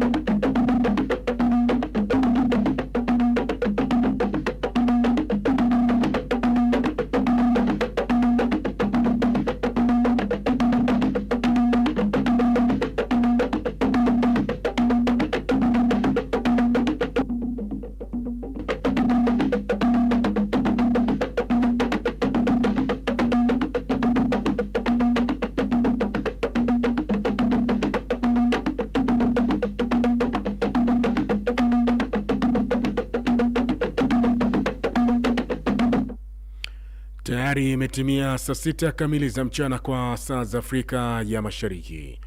thank you Tayari imetimia saa sita kamili za mchana kwa saa za Afrika ya Mashariki.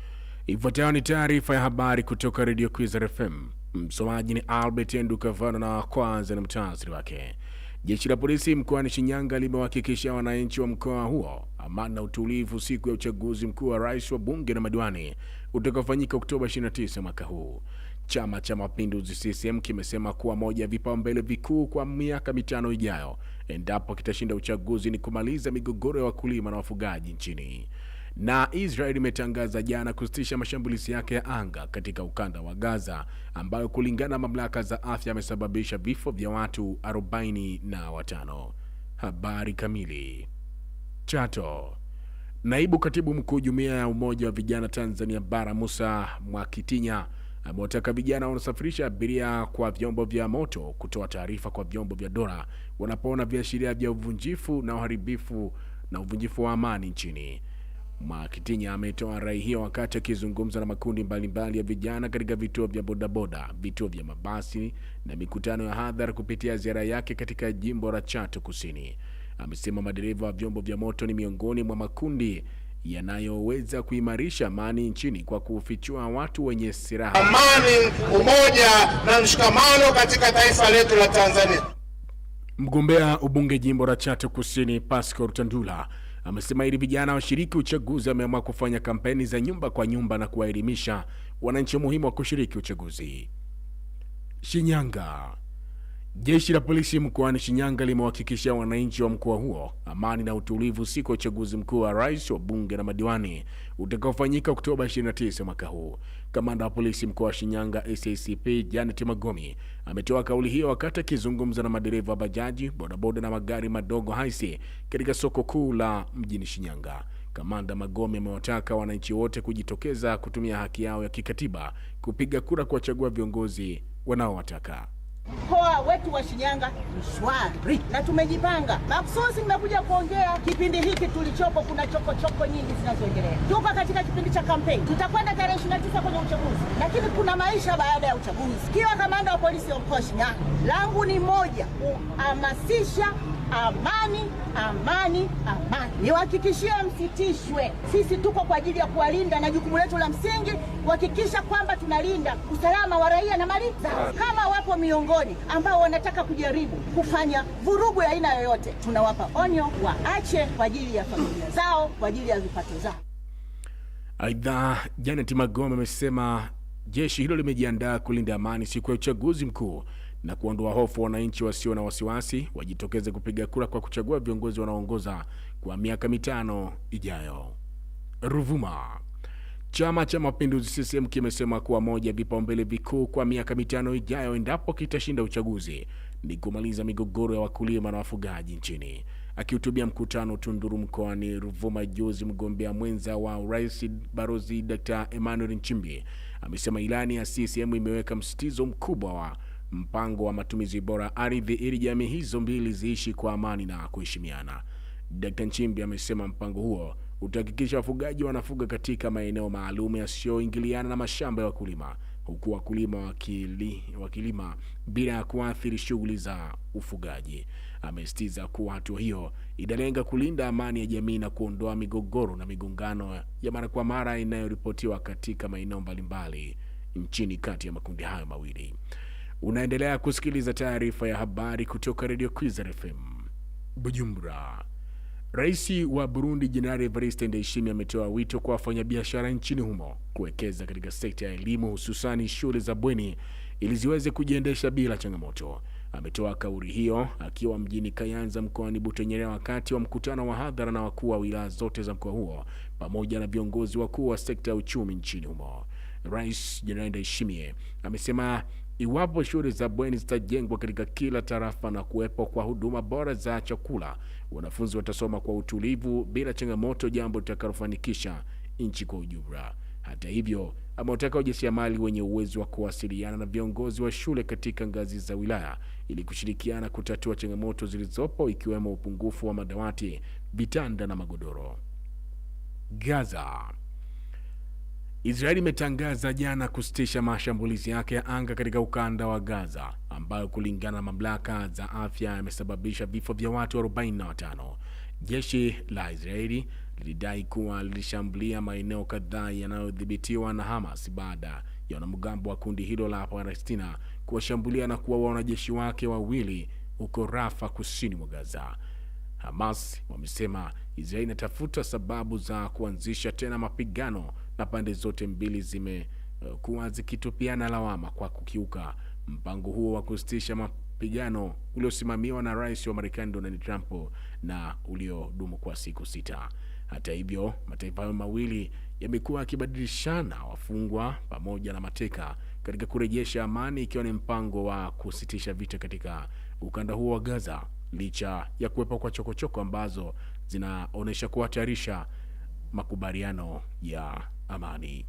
Ifuatayo ni taarifa ya habari kutoka Redio Kwizera FM. Msomaji ni Albert Ndukavano na kwanza ni mtaasiri wake. Jeshi la polisi mkoani Shinyanga limewahakikishia wananchi wa mkoa huo amani na utulivu siku ya uchaguzi mkuu wa rais wa bunge na madiwani utakaofanyika Oktoba 29 mwaka huu. Chama cha Mapinduzi CCM kimesema kuwa moja ya vipaumbele vikuu kwa miaka mitano ijayo, endapo kitashinda uchaguzi, ni kumaliza migogoro ya wakulima na wafugaji nchini. Na Israel imetangaza jana kusitisha mashambulizi yake ya anga katika ukanda wa Gaza ambayo kulingana na mamlaka za afya yamesababisha vifo vya watu arobaini na watano. Habari kamili. Chato. Naibu Katibu Mkuu Jumuiya ya Umoja wa Vijana Tanzania Bara Musa Mwakitinya amewataka vijana wanaosafirisha abiria kwa vyombo vya moto kutoa taarifa kwa vyombo vya dola wanapoona viashiria vya uvunjifu na uharibifu na uvunjifu wa amani nchini. Makitinya ametoa rai hiyo wakati akizungumza na makundi mbalimbali mbali ya vijana katika vituo vya bodaboda, vituo vya mabasi na mikutano ya hadhara kupitia ziara yake katika jimbo la Chato Kusini. Amesema madereva wa vyombo vya moto ni miongoni mwa makundi yanayoweza kuimarisha amani nchini kwa kufichua watu wenye silaha. Amani, umoja na mshikamano katika taifa letu la Tanzania. Mgombea ubunge jimbo la Chato Kusini, Pascal Tandula amesema ili vijana washiriki uchaguzi, ameamua kufanya kampeni za nyumba kwa nyumba na kuwaelimisha wananchi muhimu wa kushiriki uchaguzi. Shinyanga Jeshi la polisi mkoani Shinyanga limewahakikishia wananchi wa mkoa huo amani na utulivu siku ya uchaguzi mkuu wa rais wa bunge na madiwani utakaofanyika Oktoba 29 mwaka huu. Kamanda wa polisi mkoa wa Shinyanga SACP Janet Magomi ametoa kauli hiyo wakati akizungumza na madereva wa bajaji, bodaboda na magari madogo haisi katika soko kuu la mjini Shinyanga. Kamanda magomi amewataka wananchi wote kujitokeza kutumia haki yao ya kikatiba kupiga kura kuwachagua viongozi wanaowataka. Mkoa wetu wa Shinyanga ni shwari na tumejipanga mahususi. Nimekuja kuongea kipindi hiki tulichopo, kuna chokochoko choko nyingi zinazoendelea. Tuko katika kipindi cha kampeni, tutakwenda tarehe 29 kwenye uchaguzi, lakini kuna maisha baada ya uchaguzi. Kiwa kamanda wa polisi wa mkoa Shinyanga, langu ni moja, kuhamasisha amani, amani, amani. Niwahakikishie msitishwe, sisi tuko kwa ajili ya kuwalinda, na jukumu letu la msingi kuhakikisha kwamba tunalinda usalama wa raia na mali zao. Kama wapo miongoni ambao wanataka kujaribu kufanya vurugu ya aina yoyote, tunawapa onyo, waache kwa ajili ya familia zao, kwa ajili ya vipato zao. Aidha, Janet Magome amesema jeshi hilo limejiandaa kulinda amani siku ya uchaguzi mkuu na kuondoa hofu wananchi wasio na wasiwasi wajitokeze kupiga kura kwa kuchagua viongozi wanaoongoza kwa miaka mitano ijayo. Ruvuma. Chama cha Mapinduzi CCM kimesema kuwa moja vipaumbele vikuu kwa miaka mitano ijayo, endapo kitashinda uchaguzi, ni kumaliza migogoro ya wakulima na wafugaji nchini. Akihutubia mkutano Tunduru mkoani Ruvuma juzi, mgombea mwenza wa urais barozi Dr. Emmanuel Nchimbi amesema ilani ya CCM imeweka msitizo mkubwa wa mpango wa matumizi bora ardhi ili jamii hizo mbili ziishi kwa amani na kuheshimiana. Dkt. Nchimbi amesema mpango huo utahakikisha wafugaji wanafuga katika maeneo maalum yasiyoingiliana na mashamba ya wakulima huku wakulima wakili, wakilima bila ya kuathiri shughuli za ufugaji. Amesisitiza kuwa hatua hiyo inalenga kulinda amani ya jamii na kuondoa migogoro na migongano ya mara kwa mara inayoripotiwa katika maeneo mbalimbali nchini kati ya makundi hayo mawili. Unaendelea kusikiliza taarifa ya habari kutoka Radio Kwizera FM Bujumbura. Rais wa Burundi Jenerali Evariste Ndayishimiye ametoa wito kwa wafanyabiashara nchini humo kuwekeza katika sekta ya elimu, hususani shule za bweni ili ziweze kujiendesha bila changamoto. Ametoa kauli hiyo akiwa mjini Kayanza mkoani butenyerea wakati wa mkutano wa hadhara na wakuu wa wilaya zote za mkoa huo pamoja na viongozi wakuu wa sekta ya uchumi nchini humo. Rais Jenerali Ndayishimiye amesema Iwapo shule za bweni zitajengwa katika kila tarafa na kuwepo kwa huduma bora za chakula, wanafunzi watasoma kwa utulivu bila changamoto, jambo litakalofanikisha nchi kwa ujumla. Hata hivyo, amewataka wajasiriamali wenye uwezo wa kuwasiliana na viongozi wa shule katika ngazi za wilaya ili kushirikiana kutatua changamoto zilizopo ikiwemo upungufu wa madawati, vitanda na magodoro. Gaza Israeli imetangaza jana kusitisha mashambulizi yake ya anga katika ukanda wa Gaza ambayo kulingana na mamlaka za afya yamesababisha vifo vya watu 45. Jeshi la Israeli lilidai kuwa lilishambulia maeneo kadhaa yanayodhibitiwa na Hamas baada ya wanamgambo wa kundi hilo la Palestina kuwashambulia na kuwaua wanajeshi wake wawili huko Rafa, kusini mwa Gaza. Hamas wamesema Israeli inatafuta sababu za kuanzisha tena mapigano na pande zote mbili zimekuwa eh, zikitupiana lawama kwa kukiuka mpango huo wa kusitisha mapigano uliosimamiwa na rais wa Marekani Donald Trump na uliodumu kwa siku sita. Hata hivyo, mataifa hayo mawili yamekuwa yakibadilishana wafungwa pamoja na mateka katika kurejesha amani, ikiwa ni mpango wa kusitisha vita katika ukanda huo wa Gaza, licha ya kuwepo kwa chokochoko ambazo zinaonyesha kuhatarisha makubaliano ya amani.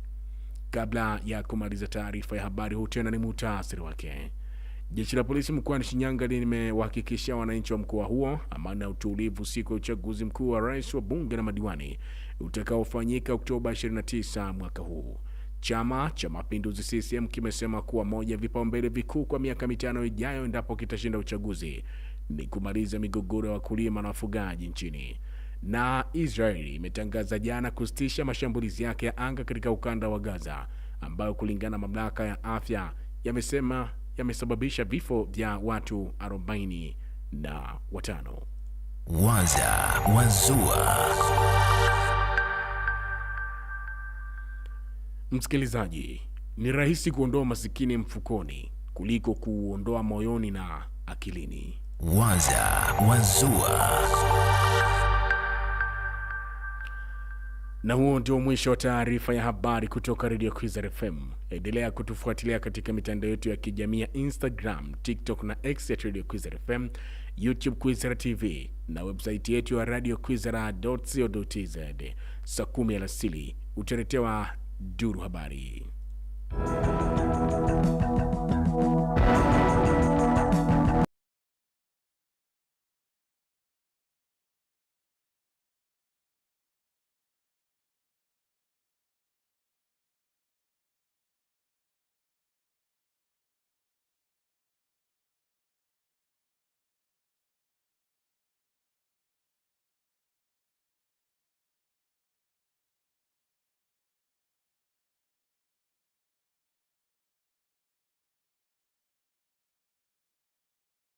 Kabla ya kumaliza taarifa ya habari, huu tena ni muhtasari wake. Jeshi la polisi mkoani Shinyanga limewahakikishia wananchi wa mkoa huo amani na utulivu siku ya uchaguzi mkuu wa rais wa bunge na madiwani utakaofanyika Oktoba 29 mwaka huu. Chama cha Mapinduzi CCM kimesema kuwa moja ya vipaumbele vikuu kwa miaka mitano ijayo, endapo kitashinda uchaguzi, ni kumaliza migogoro ya wakulima na wafugaji nchini na Israeli imetangaza jana kusitisha mashambulizi yake ya anga katika ukanda wa Gaza ambayo kulingana na mamlaka ya afya yamesema yamesababisha vifo vya watu 40 na watano. Waza Wazua. Msikilizaji, ni rahisi kuondoa masikini mfukoni kuliko kuondoa moyoni na akilini. Waza Wazua. Na huo ndio mwisho wa taarifa ya habari kutoka Radio Kwizera FM. Endelea kutufuatilia katika mitandao yetu ya kijamii ya Instagram, TikTok na X ya Radio Kwizera FM, YouTube Kwizera TV na websaiti yetu ya Radio co.tz. Saa kumi alasili utaletewa duru habari.